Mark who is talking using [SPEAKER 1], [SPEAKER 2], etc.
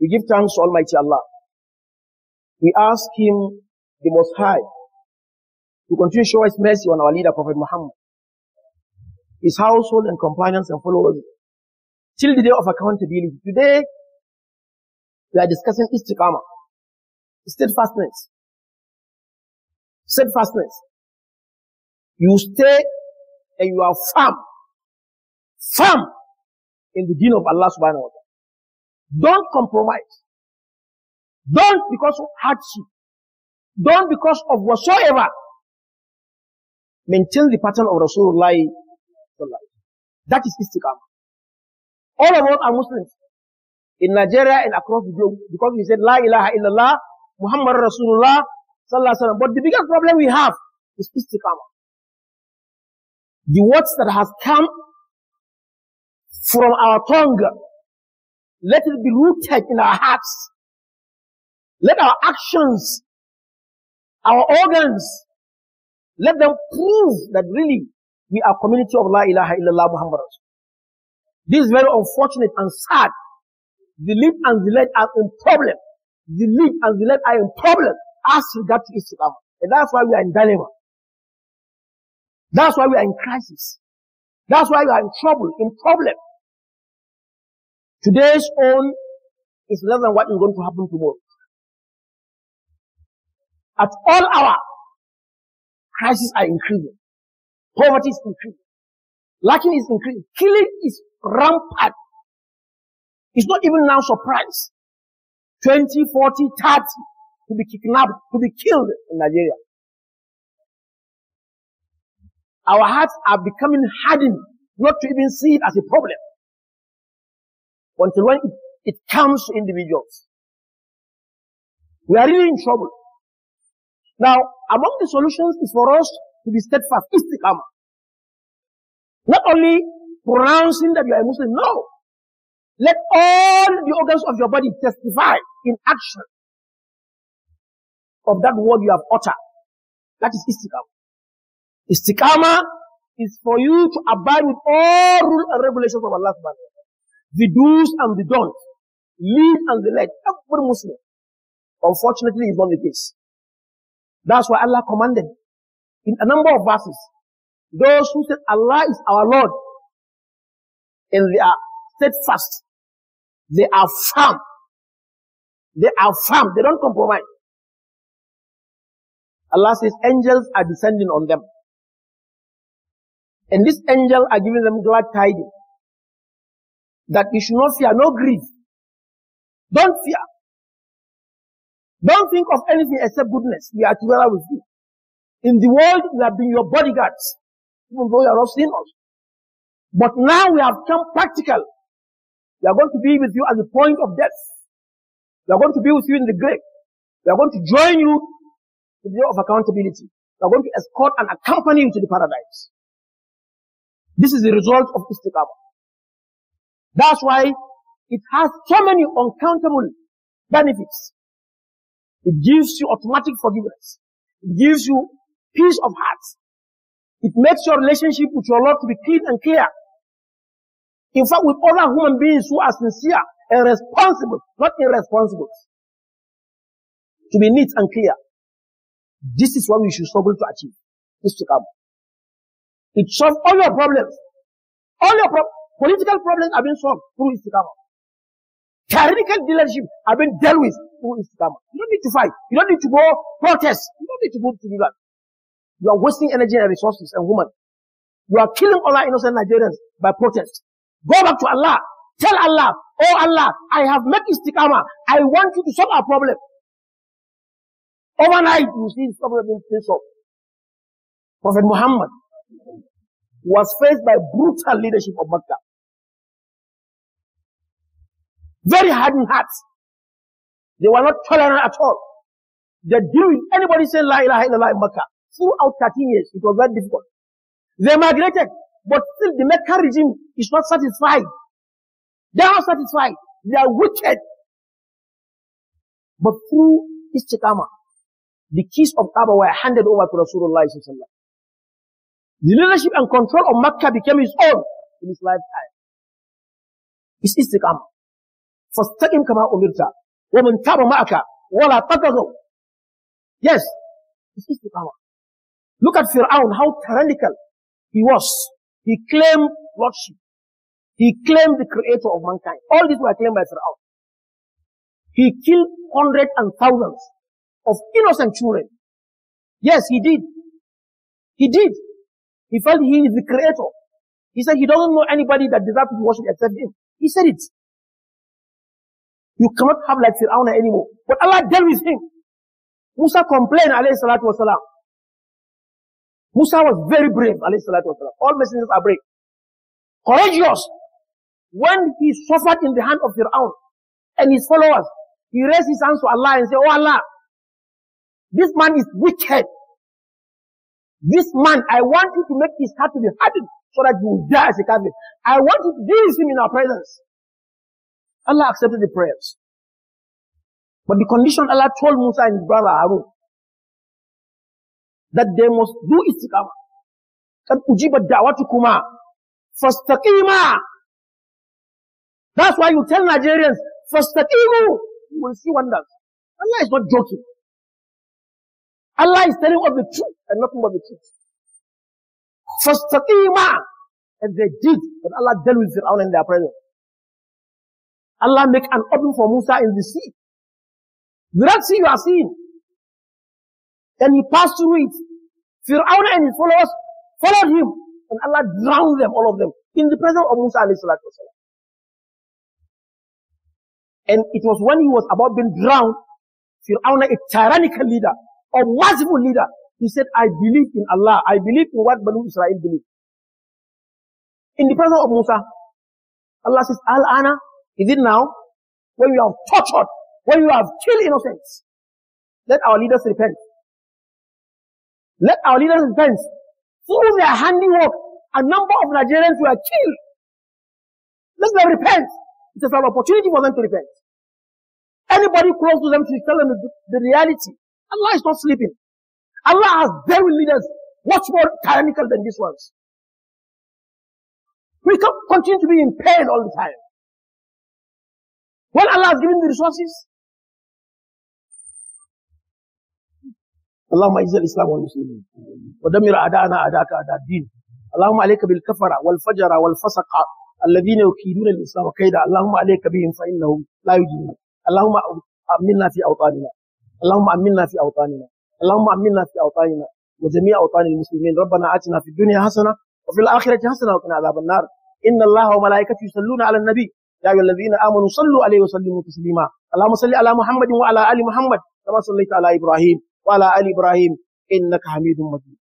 [SPEAKER 1] We give thanks to Almighty Allah. We ask Him, the Most High, to continue to show His mercy on our leader, Prophet Muhammad, his household and companions and followers, till the day of accountability. Today, we are discussing istiqama, steadfastness. Steadfastness. You stay and you are firm, firm in the deen of Allah subhanahu wa ta'ala. Don't compromise. Don't because of hardship. Don't because of whatsoever. Maintain the pattern of Rasulullah. That is istiqamah. All of us are Muslims in Nigeria and across the globe because we said La ilaha illallah, Muhammad Rasulullah, sallallahu alaihi wasallam. But the biggest problem we have is istiqamah. The words that has come from our tongue let it be rooted in our hearts. Let our actions, our organs, let them prove that really we are community of La ilaha illallah Muhammad. This is very unfortunate and sad. The lead and the led are in problem. The lead and the led are in problem as regards to Islam. And that's why we are in dilemma. That's why we are in crisis. That's why we are in trouble, in problem. Today's own is less than what is going to happen tomorrow. At all hour, crises are increasing. Poverty is increasing. Lacking is increasing. Killing is rampant. It's not even now surprise. 20, 40, 30 to be kidnapped, to be killed in Nigeria. Our hearts are becoming hardened not to even see it as a problem until when it comes to individuals. We are really in trouble. Now, among the solutions is for us to be steadfast, istikama. Not only pronouncing that you are a Muslim, no. Let all the organs of your body testify in action of that word you have uttered. That is istikama. Istikama is for you to abide with all rules and regulations of Allah subhanahu the do's and the don'ts, lead and the let. Every Muslim, unfortunately, it's not the case. That's why Allah commanded in a number of verses. Those who said Allah is our Lord and they are steadfast, they are firm, they are firm, they don't compromise. Allah says angels are descending on them. And these angels are giving them glad tidings that you should not fear, no grief. Don't fear. Don't think of anything except goodness. We are together with you. In the world, we have been your bodyguards, even though you are not sinners. But now we have come practical. We are going to be with you at the point of death. We are going to be with you in the grave. We are going to join you in the day of accountability. We are going to escort and accompany you to the paradise. This is the result of istiqamah. That's why it has so many uncountable benefits. It gives you automatic forgiveness. It gives you peace of heart. It makes your relationship with your Lord to be clean and clear. In fact, with other human beings who are sincere and responsible, not irresponsible, to be neat and clear. This is what we should struggle to achieve. This to come. It solves all your problems. All your problems. Political problems have been solved through Istikama. Tyrannical dealership have been dealt with through Istikama. You don't need to fight. You don't need to go protest. You don't need to go to do that. You are wasting energy and resources and women. You are killing all our innocent Nigerians by protest. Go back to Allah. Tell Allah, Oh Allah, I have made Istikama. I want you to solve our problem. Overnight, you see this problem being solved. Prophet Muhammad was faced by brutal leadership of Makkah. Very hardened hearts. They were not tolerant at all. They deal with anybody saying La ilaha illallah in Mecca. Throughout 13 years, it was very difficult. They migrated, but still the Mecca regime is not satisfied. They are not satisfied. They are wicked. But through istiqamah, the keys of Kaaba were handed over to Rasulullah sallallahu The leadership and control of Mecca became his own in his lifetime. It's istiqamah. فاستقم كما أمرت ومن تاب معك ولا تطغوا Yes, it's istiqamah. Look at Fir'aun, how tyrannical he was. He claimed lordship. He claimed the creator of mankind. All these were claimed by Fir'aun. He killed hundreds and thousands of innocent children. Yes, he did. He did. He felt he is the creator. He said he doesn't know anybody that deserves to be worshipped except him. He said it. You cannot have like Fir'aun anymore. But Allah dealt with him. Musa complained, alayhi salatu wasalam. Musa was very brave, alayhi salatu wasalam. All messengers are brave. Courageous. When he suffered in the hand of Fir'aun and his followers, he raised his hands to Allah and said, Oh Allah, this man is wicked. This man, I want you to make his heart to be hardened so that you will die as a Catholic. I want you to deal with him in our presence. Allah accepted the prayers. But the condition Allah told Musa and his brother Harun that they must do istiqamah. قد أجيبت دعوتكما فاستقيما That's why you tell Nigerians, fastaqimu, you will see wonders. Allah is not joking. Allah is telling us the truth and nothing but the truth. Fastaqima. And they did, and Allah dealt with Fir'aun in their presence. Allah make an opening for Musa in the sea. The Red Sea you are seeing. Then he passed through it. Fir'aun and his followers followed him. And Allah drowned them, all of them, in the presence of Musa alayhi salatu And it was when he was about being drowned, Fir'aun, a tyrannical leader, a merciful leader, he said, I believe in Allah. I believe in what Banu Israel believe. In the presence of Musa, Allah says, Al-Ana is it now? When you have tortured, when you have killed innocents. Let our leaders repent. Let our leaders repent. Through their handiwork, a number of Nigerians were killed. Let them repent. It is an opportunity for them to repent. Anybody close to them should tell them the, the reality. Allah is not sleeping. Allah has very leaders much more tyrannical than these ones. We can continue to be in pain all the time. When Allah has given the resources, اللهم اعز الاسلام والمسلمين ودمر اعداءنا اعداءك اعداء الدين اللهم عليك بالكفره والفجر والفسق الذين يكيدون الاسلام كيدا اللهم عليك بهم فانهم لا يجنون اللهم امنا في اوطاننا اللهم امنا في اوطاننا اللهم امنا في اوطاننا وجميع اوطان المسلمين ربنا اتنا في الدنيا حسنه وفي الاخره حسنه وقنا عذاب النار ان الله وملائكته يصلون على النبي يا أيها الذين آمنوا صلوا عليه وسلموا تسليما اللهم صل على محمد وعلى آل محمد كما صليت على إبراهيم وعلى آل إبراهيم إنك حميد مجيد